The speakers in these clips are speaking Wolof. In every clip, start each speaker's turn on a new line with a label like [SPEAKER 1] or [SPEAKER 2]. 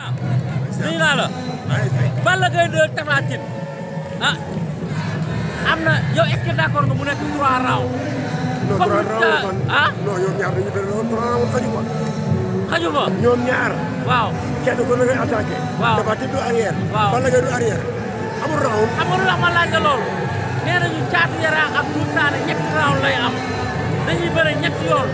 [SPEAKER 1] waaw ah. nuyu naa la Balla Gaye 2 Tapha Tine ah.
[SPEAKER 2] na yow est-ce que d'accord nga mu nekk trois rounds comme ah non ñoom ñaar dañu bëri woon trois rounds xaju ma xaju ma ñoom ñaar waaw kenn ko na waaw Tapha Tine du arrière waaw Balla Gaye du arrière amul round amul
[SPEAKER 1] caatu yaraa ak Double Sané ñetti round lay am dañuy bëri ñetti yoon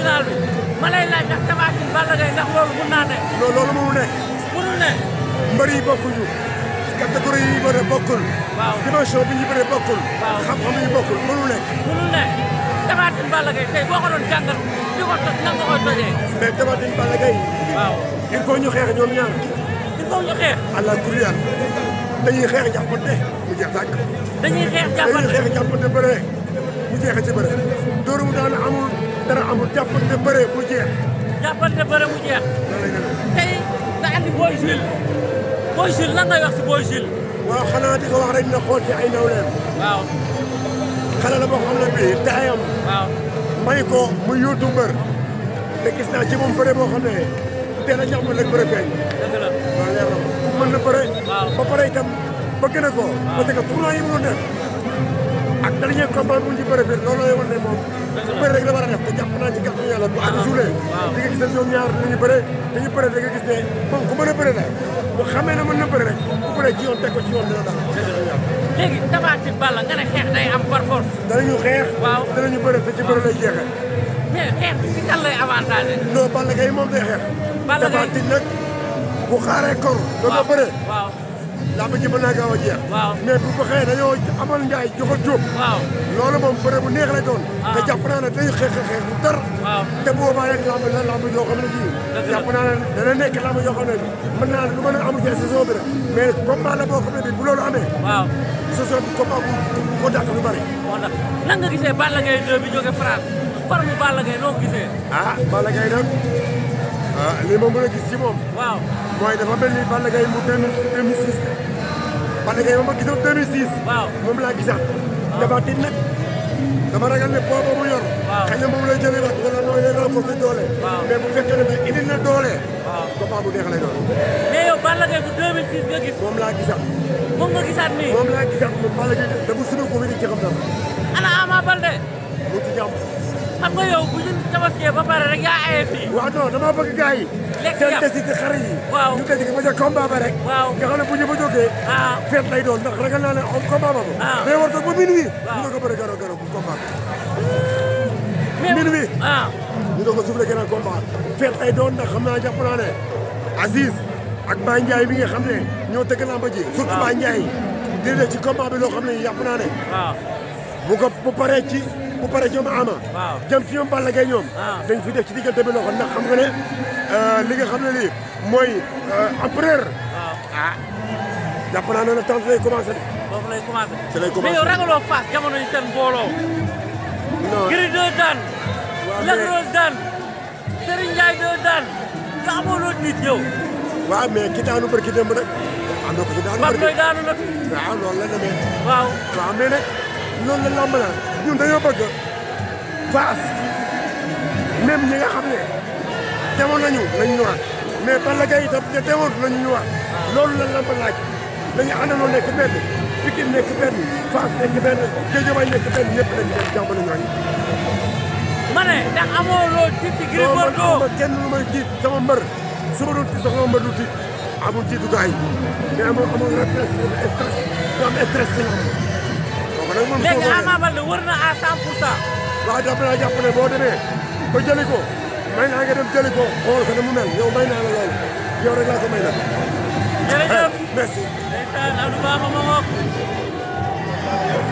[SPEAKER 1] final bi ma lay laaj ndax Tapha Tine Balla loolu mun naa nekk. loolu
[SPEAKER 2] loolu yi bokkuñu. catégorie yi bëre bokkul. waaw dimension bi bëre bokkul. xam-xam bokkul mënul nekk. mënul nekk
[SPEAKER 1] Tapha Tine Balla
[SPEAKER 2] Gaye boo ko doon jàngal di ko toj nan nga koy tojee. mais Tapha Tine Balla Gaye. xeex ñoom ñaar. il faut ñu dañuy xeex jàppante mu jeex tàkk. dañuy xeex jàppante dañuy xeex mu jeexee ci bëre dóoru mu daan dara amul jàppante bëre mu jeex. jàppante bëre mu jeex. tey nga andi Boy Jules. Boy Jules lan ngay wax si Boy Jules. waaw xanaa di ko wax rek dina xool ci ay nawleem. waaw. xale la boo xam ne bii daayam. waaw may ko mu yóotu mbër. te gis naa ci moom bëre boo xam ne teel a ñax ma nag bëre feeñ. dëgg la waaw leer na ko mën na bëre. waaw ba pare itam bëgg na ko. waaw parce que tournoi yi mu def. ak dernier combat bu ñu bëri fii loolu lay wan ne moom bu bëri rek la a def te jàpp naa ci kàttanu yàlla bu ak suulee di nga gis ne ñoom ñaar dañu bëre dañu bëre da moom ku mën a bëre xamee ne mën na bëre rek bu bëree ci yoon teg ko ci yoon dina daal léegi Tapha Tine Balla nga ne xeex day am par force danañu xeex waaw danañu bëre te ci moom day xeex Tapha Tine nag bu xaaree kor dana bëre waaw làmb ji mën naa gaaw a jeex. waaw mais bu a xëyee dañoo amal njaay joxal jóob. waaw loolu moom bëre bu neex la doon. waaw te naa ne day xeex xeex bu tar. waaw te bu boobaa rek làmb la làmb yoo xam ne ji. dëgg jàpp ne dana nekk làmb yoo xam ne mën naa lu mën a amul ci saison bi boo xam bi bu loolu amee. waaw saison bi combat bu bu ko dàq lu bari. wala lan nga gisee Balla Gaye 2 bi jóge France forme Balla Gaye gisee. ah Balla Gaye nag ah li ma a gis ci moom. mooy dafa mel ni Balla Gaye mu 2006 Balla Gaye moom ma gisoon 2006. waaw moom laa gisaat. waaw damaa dama ragal ne poids boobu yor. waaw xëy na moom lay jëlee wax wala nooy lay ko fi doole. mais bu fekkee ne nag indil na doole. waaw combat bu neex lay doon. mais yow Balla Gaye bu 2006 nga gis. moom laa gisaat. moom nga gisaat nii. moom laa gisaat moom Balla Gaye da bu suñu commune ci xam dafa.
[SPEAKER 1] ana Ama mu ci jàmm. xam nga yow bu ñu tabaskee ba pare rek yaa aye fii.
[SPEAKER 2] waaw non dama bëgg seen desi ci xar yi ñu desi ko ba ca combat ba xam ne bu ñu fa jógee ah. feet lay doon na ragal naa ne am combat ba ba ah. day war toog ba minuit ñu ko bëri garo garo bu combat minuit ah. ñu doon ndax xam naa jàpp naa ne Aziz ak Baye Ndiaye bi nga xam ne ñoo tëgg lamba ji surtout Baye Ndiaye di def ci combat bi loo xam ne yàpp naa bu ko bu paree ci bu paree ci ñoom Ama jëm ci ñoom Balla Gaye ñoom dañ fi def ci diggante bi loo xam ndax Euh, li nga xam ne lii mooy euh, empereur. ah jàpp naa ne le temps lay commencé. foofu lay
[SPEAKER 1] commencé. ci lay commencé mais yow ragaloo Fass jamono yi seen mbooloo. non Gris 2 daan.
[SPEAKER 2] waaw mais ki daanu barki démb nag. am na ko ci daanu barki Pape Ndoye daanu nag. waaw la demee. waaw waaw mais nag loolu la lamb la ñun dañoo bëgg Fass même nga xam ne. demoon nañu nañu ñëwaat mais Balla Gaye itam te demoon nañu ñëwaat loolu la lamb laaj dañu àndandoo nekk benn Pikine nekk benn Fass nekk benn Guédiawaye nekk benn ñëpp dañu dem jàmbale ñooñu. ma ne ndax amoo loo tiit ci Gris Bordeaux ma kenn lu may tiit sama mbër su ma doon tiit sax sama mbër du tiit amul tiitu gars yi mais amul amul stress stress du am stress ci lamb. kooku nag moom soo ko léegi Ama Baldé wër na à 100 pour cent. waaw dafa laa jàpp ne boo demee ba jëli ko. may naa nga dem jëli ko xool ko ne mu mel yow may naa la loolu yow rek laa ko may nag. jërëjëf merci.